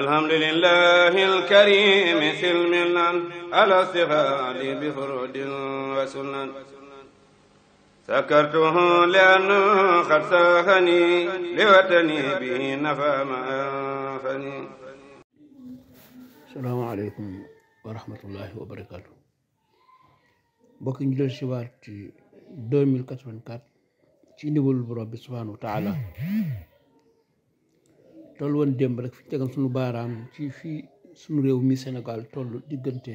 الحمد لله الكريم سلم على استغال بفرود وسنن سكرته لأنه قد ساخني لوطني به نفى ما أنفني السلام عليكم ورحمة الله وبركاته mbokk ñu del si waat ci 2084 ci ndimbalu borom bi subhanahu wa taala loolu woon démb rek fi tegam suñu baaraam ci fii suñu réew mi Sénégal toll diggante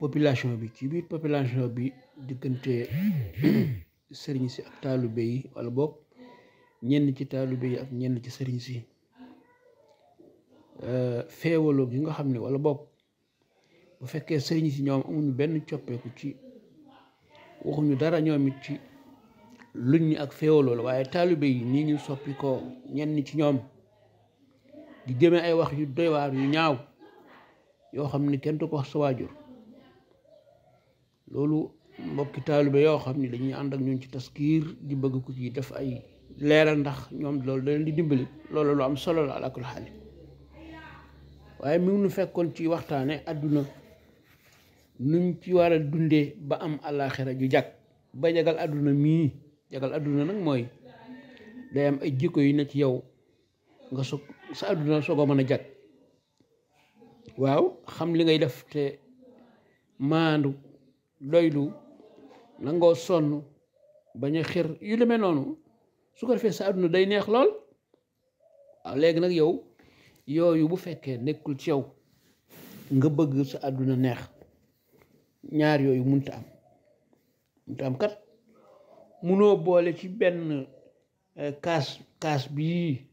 population bi ci biir population bi diggante sëriñ si ak taalibe yi wala boog ñenn ci taalibe yi ak ñenn ci sëriñ si euh, feewaloo gi nga xam ne wala boog bu fekkee sëriñ si ñoom amuñu benn coppeeku ci waxuñu dara ñoom ci luñ ni ak féewaloo waaye taalibe yi nii ñu soppi ko ñenn ci ñoom di jëme ay wax yu doy yu ñaaw yoo xam ne kenn du ko wax sa waajur loolu mbokki taalibe yoo xam ne dañuy ànd ak ñun ci taskiir di bëgg ku ci def ay leeral ndax ñoom loolu da di dimbali loolu lu am solo la alakul waaye mi nu fekkoon ci waxtaane àdduna nuñ ci war a dundee ba am àllaaxira yu jàkk ba jagal àdduna mii jagal adduna nag mooy day am ay jikko yu ne ci yow nga soog sa adduna ko mën a jag waaw xam li ngay def te maandu doylu nangoo sonn bañ a yu deme noonu su ko defee sa adduna day neex lool waaw léegi nag yow yooyu bu fekkee nekkul ci yow nga bëgg sa adduna neex ñaar yooyu munta am munta am kat munoo boole ci benn euh, kaas kaas bii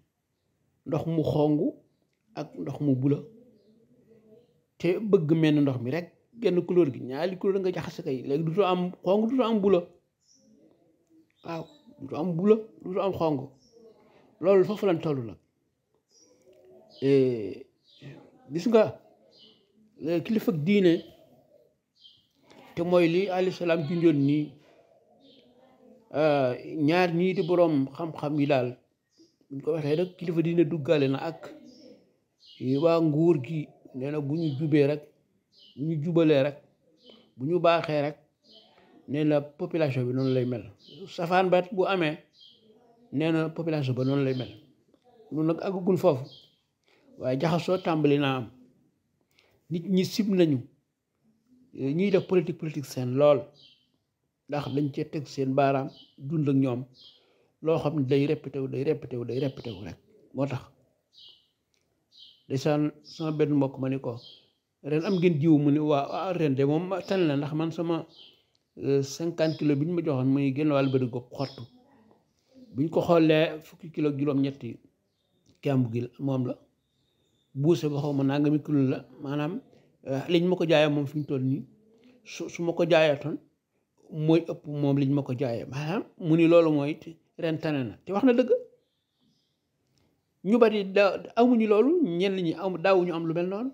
ndox mu xong ak ndox mu bula te bëgg menn ndox mi rek genn couleur gi ñaari couleur nga jaxase kay léegi dutu am xong dutu am bula waaw dutu am bula dutu am xong loolu foofu lañ toll nag gis nga kilifa diine te mooy lii alayhi salaam junjoon nii Euh, ñaar ñii di boroom xam-xam yi daal buñ ko waxee rek kilifa dina duggale na ak waa nguur gi nee na bu ñu jubee rek bu ñu jubalee rek bu ñu baaxee rek nee na population bi noonu lay mel safaan bat bu amee nee na population ba noonu lay mel loolu nag àggagul foofu waaye jaxasoo tàmbali naa am nit ñi sib nañu ñuy def politique politique seen lool ndax dañ cee teg seen baaraam dund ak ñoom loo xam ne day répété wu day répété wu day répété wu rek moo tax ndeysaan sama benn mbokk ma ni ko ren am ngeen jiw mu ne waa ah, ren de moom tan la ndax man sama euh, cinquante kilo bi ñu ma joxoon muy génn wàll bëri ko xottu bu ñu ko xoolee fukki kilo juróom-ñett yi gi moom la buuse ba xaw ma nangami kilo la maanaam euh, liñ ma ko jaayee moom fi ñu toll nii su su ma ko jaayatoon mooy ëpp moom liñ ma ko jaayee maanaam mu ni loolu mooy ren tane na te wax na dëgg ñu bari da amuñu loolu ñenn ñi am daawuñu am lu mel noonu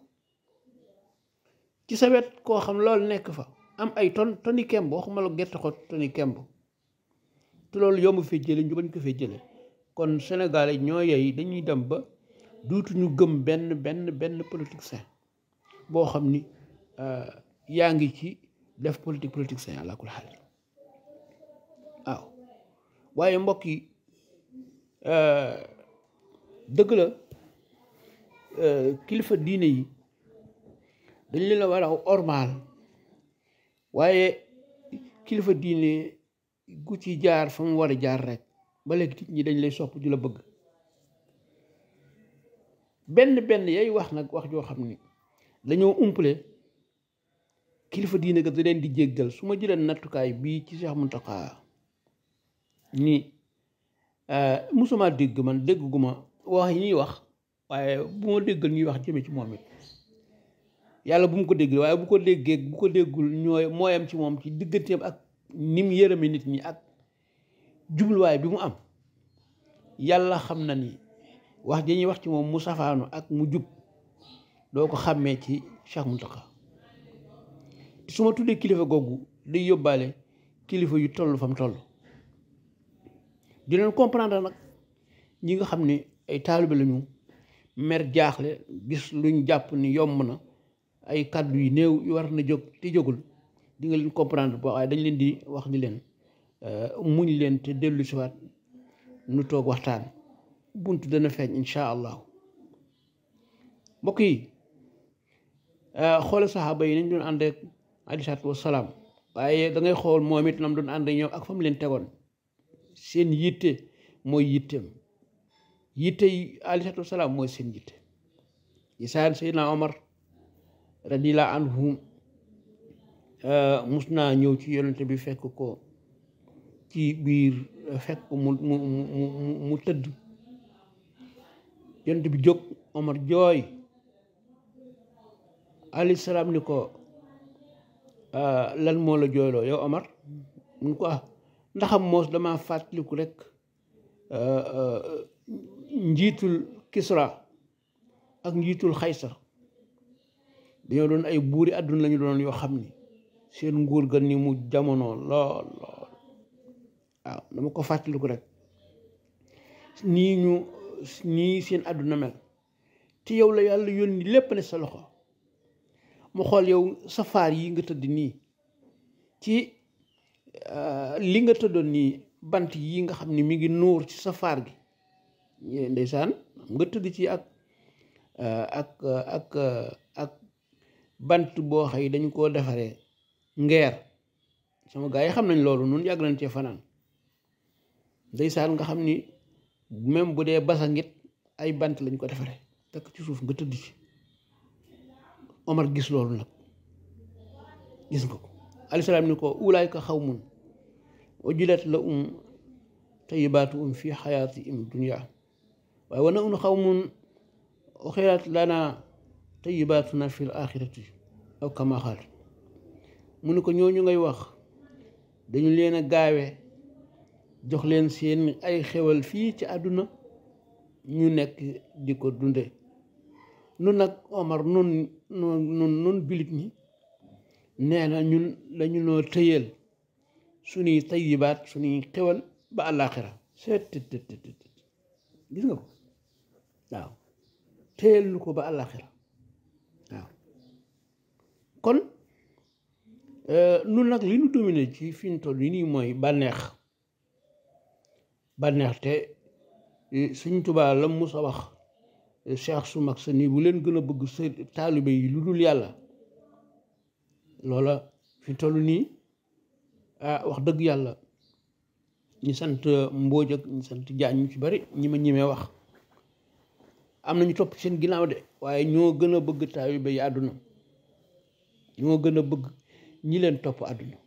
ci sa wet koo xam loolu nekk fa am ay ton toni kemb waxuma la gerte xot toni kemb te loolu yomb fee jële ñu bañ ko fee jële kon Sénégal yi ñoo yey dañuy dem ba duutuñu gëm benn benn benn politique sain boo xam ni euh, yaa ngi ci def politique politique sañ àlla kul waaw waaye mbokk yi euh, dëgg la euh, kilifa diine yi dañ leen a war a ormaal waaye kilifa diine gu ci jaar fa mu war a jaar rek ba léegi nit ñi dañ lay sopp ju la bëgg benn benn yay wax nag wax joo xam ni dañoo umpale kilifa diine ga da leen di jéggal su ma jëlee nattukaay bii ci seex Cheikh Mountakha ni euh, musuma dégg man dégg gu ma wax yi ñuy wax waaye bu ma déggal ñuy wax jëme ci moom it yàlla bu mu ko dégg waaye bu ko déggee ko déggul ñooy mooyam ci moom ci digganteem ak ni yërëme nit ñi ak jubluwaay bi mu am yàlla xam na ni wax dañuy wax ci moom mu safaanu ak mu jub doo ko xàmmee ci Cheikh Mountakha su ma tuddee kilifa googu day yóbbaale kilifa yu toll fam toll dinañ comprendre nag ñi nga xam ni ay taalibe lañu mer jaaxle gis luñ jàpp ni yomb na ay kàddu yu néew yu war na jóg te jógul di nga leen comprendre bo waaye dañ leen di wax ni leen euh, muñ leen te dellu siwaat nu toog waxtaan bunt dana feeñ insha allahu mbokk yi euh, xoole saxaaba yi nañ doon ànd ak alayhi salaatu wasalaam waaye dangay xool moom it lam doon ànd ñoom ak fa leen tegoon seen yitte mooy yitteem yitte yi alayhi wasalaam mooy seen yitte isaan Seydina Omar radiyallahu anhu eh, mus naa ñëw ci yonent bi fekk ko ci biir fekk ko mu mu mu mu tëdd yonent bi jóg Omar jooy alayhi salaam ni ko Euh, lan moo la jooyloo yow Omar mun ko ah ndaxam moos dama fàttaliku rek euh, euh, njiitul Kisra ak njiitul Xaysar dañoo doon ay buuri àdduna lañu doon yoo xam ni seen nguur ga ni mu jamono lool lool waaw dama ko fàttaliku rek nii ñu nii seen àdduna mel te yow la yàlla yónni lépp ne sa loxo mu xool yow sa faar yi nga tëdd nii ci euh, li nga tëddoon nii bant yi nga xam ni mi ngi nuur ci safaar faar gi ndeysaan nga tëdd ci ak euh, ak ak ak bant boo xëy dañ ko defaree ngeer sama gaa yi xam nañ loolu nun yàgg nañ cee fanaan ndeysaan nga xam ni même bu dee basangit ay bant lañ ko defaree takk ci suuf nga tëdd ci Omar gis loolu nag gis nga ko alayhi salaam ni ko ulaayka xawmun ujilat la um tayibaatu um fi xayaati im dunia waaye wana un xawmun uxirat lanaa tayibaatuna fi l axirati aw kama xaal mu ne ko ñooñu ngay wax dañu leen a gaawe jox leen seen ay xewal fii ci àdduna ñu nekk di ko dunde nun nag Omar nun nun bilit ñi nee na ñun dañu noo tëyeel suñuy tayibaat suñuy xewal ba àllaaxira seet gis nga ko waaw tëyeel ko ba àllaaxira waaw kon euh, nun nag li ñu dominé ci fi ñu toll yi nii mooy bànneex bànneex te eh, suñ tubaa la musa wax cheikh su mag sa nii bu leen gën a bëgg sa taalibe yi lu dul yàlla loola fi toll nii ah, wax dëgg yàlla ñi sant mbooj ak ñi sant jaañ ñu ci bari ñi ma ñimee wax am nañu topp seen ginnaaw de waaye ñoo gën a bëgg taalibe yi àdduna ñoo gën a bëgg ñi leen topp àdduna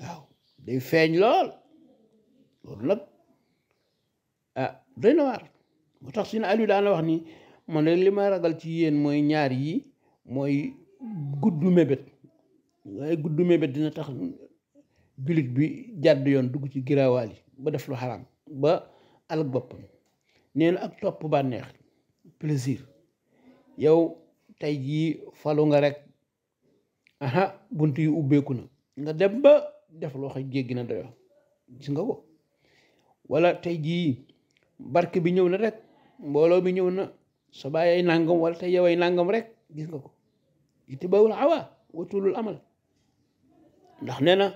waaw day feeñ lool loolu nag ah na waar moo tax suñu Aliou daan wax ni man rek li ma ragal ci yéen mooy ñaar yi mooy guddu mébét waaye guddu mébét dina tax jullit bi jàdd yoon dugg ci giraawaal yi ba def lu xaraam ba alak boppam nee na ak topp bànneex plaisir yow tey jii falu nga rek aha bunt yu ubbeeku na nga dem ba def loo xam jéggi na doyo gis nga ko wala tey jii barke bi ñëw na rek mbooloo bi ñëw na sa baay ay nàngam wala te yow nàngam rek gis nga ko itibawul awa watulul amal ndax nee na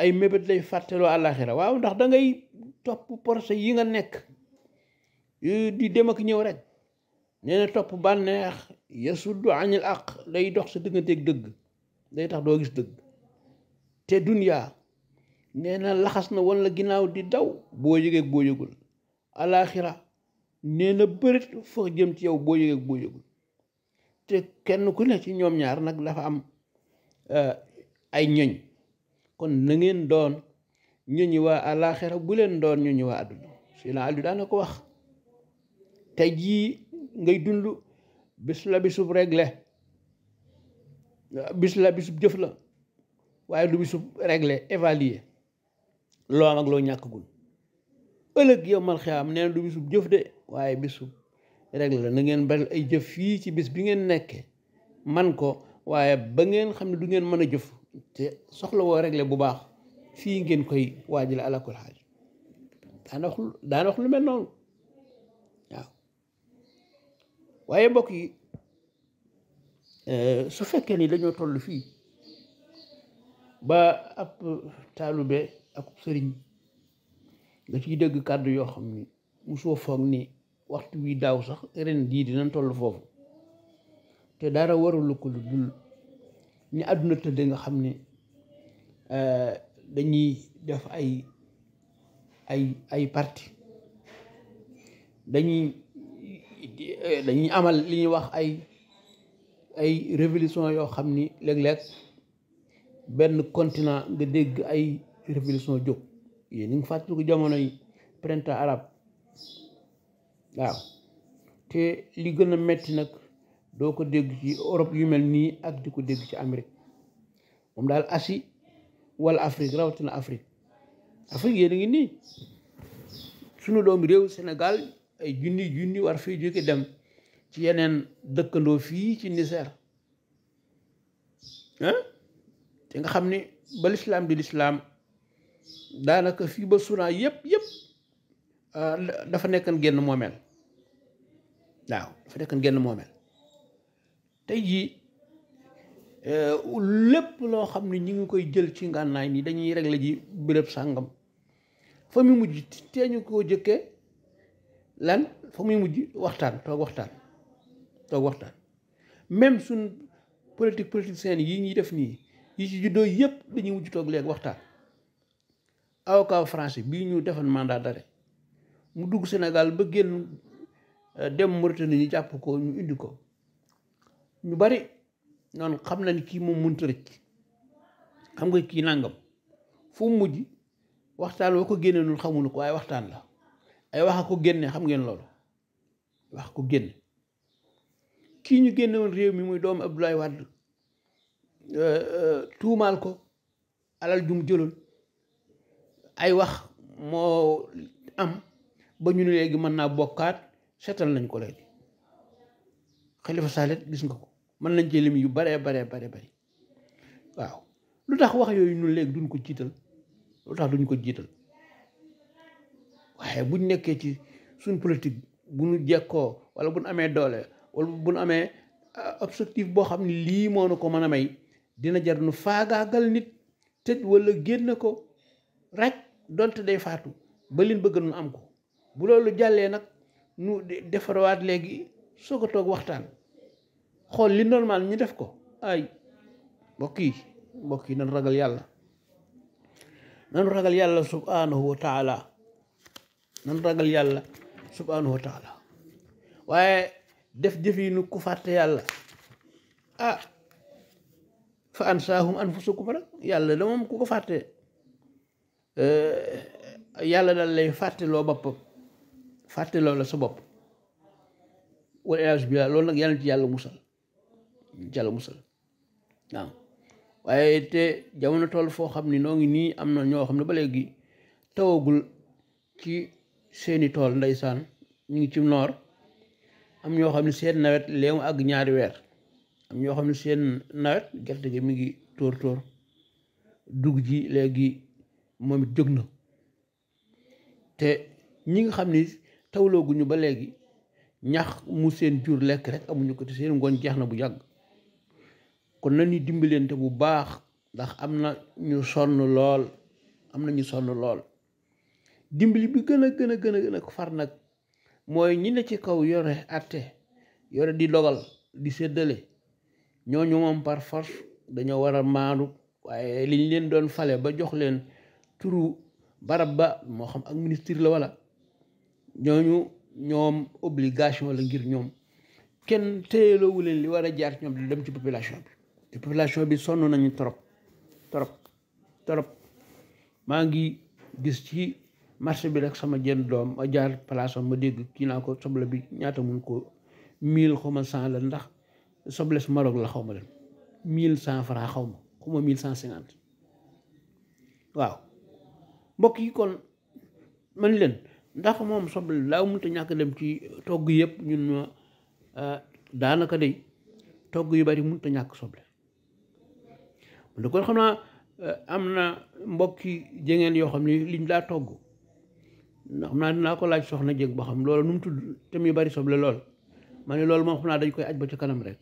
ay mébét lay fàttaloo àllaaxira waaw ndax dangay topp porse yi nga nekk di dem ak ñëw rek nee topp bànneex yasuddu anil aq day dox sa digganteeg dëgg day tax doo gis dëgg te duniyaa nee na laxas na wan la ginnaaw di daw boo yëgeeg boo yëgul àllaaxira nee na bërit fa jëm ci yow boo yëgeeg boo yëgul te kenn ku ne ci ñoom ñaar nag dafa am eh, ay ñoñ kon na ngeen doon ñoñi waa àllaaxira bu leen doon ñoñi waa àdduna si la àddu daana ko wax tey jii ngay dund bis la bisub réglé bis la bisub jëf la waaye du bisub regle évaluer loo am ak loo ñàkkagul ëllëg yowmal xiyaam nee na du bisub jëf de waaye bisu rek la na ngeen bari ay jëf fii ci bis bi ngeen nekke man ko waaye ba ngeen xam ne du ngeen mën a jëf te soxla woo réglé bu baax fii ngeen koy waajal alakul xaaj daana wax daana wax lu mel noonu waaw waaye mbokk yi euh, su fekkee nii dañoo toll fii ba ab taalube ak sëriñ nga ciy dégg kàddu yoo xam ni musoo foog nii waxtu wi daaw sax ren jii dina toll foofu te dara warulu ko lu dul ni àdduna tëdd nga xam ni euh, dañuy def ay ay ay parti dañuy euh, dañuy amal li ñuy wax ay ay révolution yoo xam ni léeg-léeg benn continent nga dégg ay révolution jóg yéen ñu ngi fàttaliku jamono yi printemps arabe waaw te li gën a metti nag doo ko dégg ci Europe yu mel nii ak di ko dégg ci Amérique moom daal Asie wala Afrique rawatina Afrique Afrique yéen ni ngi nii sunu doomi réew Sénégal ay junni junni war fii jóge dem ci yeneen dëkkandoo fii ci Niger te nga xam ni ba lislaam di lislaam daanaka fii ba Soudan yëpp yëpp ah, dafa nekkan génn moomeel waaw dafa nekkan génn moomeel tey jii eh, lépp loo xam ne ñu ngi koy jël ci ngànnaay ni dañuy regle ji béréb sàngam fa muy mujj tee ñu koo jëkkee lan fa muy mujj waxtaan toog waxtaan toog waxtaan même suñ politique politicien yi ñuy def nii yi ci juddoo yëpp dañuy mujj toog léegi waxtaan kaw français bii ñu defoon mandat d'arrêt mu dugg senegal ba génn euh, dem Mauritanie ñu jàpp ko ñu indi ko ñu bari noonu xam na ni kii moom mënut rëcc xam nga kii nangam fu mujj waxtaan woo ko génne nun xamuñu ko ay waxtaan la ay wax a ko génne xam ngeen loolu wax ko génne kii ñu génne woon réew mi muy doomu Abdoulaye Wade euh, euh, tuumaal ko alal jum jëloon ay wax moo am ba ñu ne léegi mën naa bokkaat seetal nañ ko léegi xalifa saalet gis nga ko mën nañ ci lim yu baree baree bare bari waaw lu tax wax yooyu ñun léegi duñ ko jiital lu tax duñ ko jiital waaye buñ nekkee ci suñ politique bu ñu jekkoo wala buñ amee doole wala buñ amee ah, objectif boo xam ne lii moo nu ko mën a may dina jar nu faagaagal nit tëj wala génn ko rek donte day faatu ba liñ bëgg nu am ko bu loolu jàllee nag nu defarawaat léegi soo ko toog waxtaan xool li normal ñu def ko ay mbokk yi mbokk yi nan ragal yàlla nan ragal yàlla subhaanahu wa taala nan ragal yàlla subhaanahu wa taala waaye def jëf yi nu ku fàtte yàlla ah fa ansaahum anfusakum rek yàlla da moom ku ko fàtte Eh, yàlla daal lay fàttaloo boppam fàttaloo la sa bopp wala iyaasu billaah loolu nag yàlla ci yàlla musal yàlla musal waaw waaye te jamono toll foo xam ni noo ngi nii am na ñoo xam ne ba léegi tawagul ci seeni tool ndeysaan ñu ngi ci noor am ñoo xam ne seen nawet léemu ak ñaari weer am ñoo xam ne seen nawet gerte gi mi ngi tóor tóor dugg ji léegi moom it jóg na te ñi nga xam ni tawlooguñu ba léegi ñax mu seen jur lekk rek amuñu ko te seen ngooñ jeex na bu yàgg kon na nañu dimbalante bu baax ndax am na ñu sonn lool am na sonn lool dimbali bi gën a gën a gën a far nag mooy ñi ne ci kaw yore àtte yore di dogal di séddale ñooñu moom par force dañoo war a maanu waaye liñ leen doon fale ba jox leen turu barab ba moo xam ak ministre la wala ñooñu ñoom obligation la ngir ñoom kenn téyeloowu leen li war a jaar ñoom di dem ci population bi te population bi sonn nañu trop trop trop maa ngi gis ci marché bi rek sama jën doom ma jaar place ma dégg kii naa ko soble bi ñaata mun ko mille xaw ma la ndax soble su Maroc la xaw ma leen mille cent franc xaw ma xaw ma mille cent cinquante waaw mbokk yi kon man leen ndax moom soble laa mënta ñàkk dem ci togg yëpp ñun ma ah, daanaka day togg yu bari mënta ñàkk soble da kon xam naa eh, am na mbokki jëngeen yoo xam ne liñ daa togg ndax xam naa ko laaj soxna jég ba xam loolu nu mu tudd te muy bari soble lool ma ne loolu moom xam naa dañ koy aj ba ci kanam rek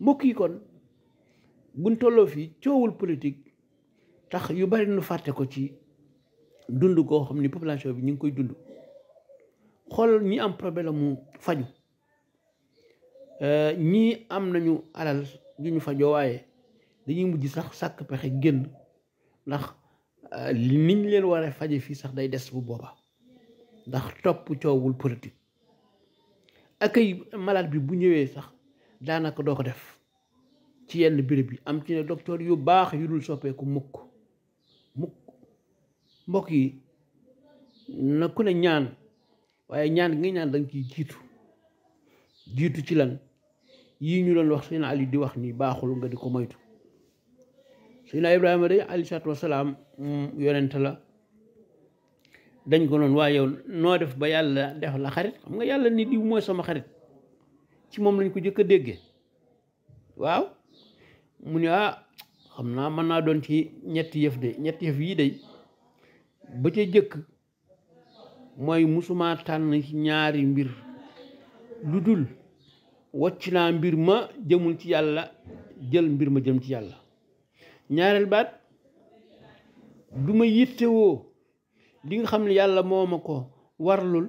mbokk yi kon buñ tolloo fii coowul politique tax yu bari nu fàtte ko ci dund koo xam ni population bi ñu ngi koy dund xool ñi am problème mu faju euh, ñii am nañu alal ju ñu fajoo waaye dañuy mujj sax sàkk pexe génn ndax euh, niñ leen war a faje fii sax day des bu booba ndax topp coowul politique ak ay bi bu ñëwee sax daanaka doo ko def ci yenn béréb bi am ci ne docteur yu baax yu dul soppeeku mukk mukk mbokk yi na ku ne ñaan waaye ñaan gi nga ñaan da nga jiitu jiitu ci lan yii ñu doon wax sëñ Ali di wax nii baaxul nga di ko moytu sëñ Ibrahima day alayhi salaatu wasalaam yonent la dañ ko noonu waaye noo def ba yàlla def la xarit nga yàlla ni diw mooy sama xarit ci moom lañ ko jëkk a déggee waaw mu ne ah xam naa mën naa doon ci ñetti yëf de ñetti yëf yii day ba ca jëkk mooy musuma tànn ci ñaari mbir lu dul wàcc naa mbir ma jëmul ci yàlla jël mbir ma jëm ci yàlla ñaareel baat duma ma li nga xam ne yàlla moo ma ko warlul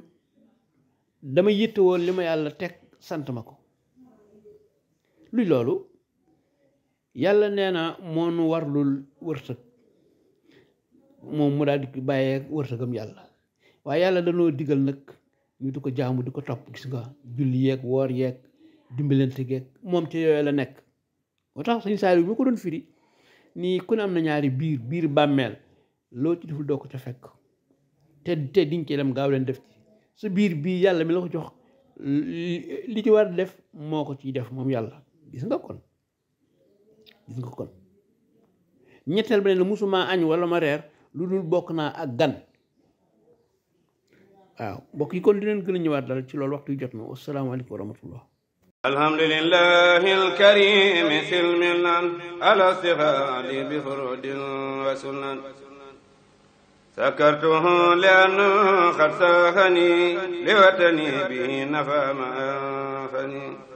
dama yittewoo li ma yàlla teg sant ma ko luy loolu yàlla nee na moo nu warlul wërsëg moom mu daal di sa wërsëgam yàlla waaye yàlla danoo digal nag ñu di ko jaamu di ko topp gis nga julli yeeg woor yeeg dimbalante geeg moom ci yooyu la nekk moo tax suñu saar yi ko doon firi nii ku ne ñaari biir biir bàmmeel loo ci doo ko ca fekk te te diñ ci dem gaaw leen def ci su biir bii yàlla mi la ko jox li ci war def moo ko ciy def moom yàlla gis nga kon gis nga kon ñetteel ba ne la musuma añ wala ma reer lu bokk naa ak gan waaw yi kon dinañ gën a ñëwaat dal ci loolu yu jot na wasalaamaaleykum wa rahmatullah alhamdulillahi alkarimi silmilan alastihadi bi furudin wa sunan sakartuhu lianna xad saxani liwatani bihi nafa ma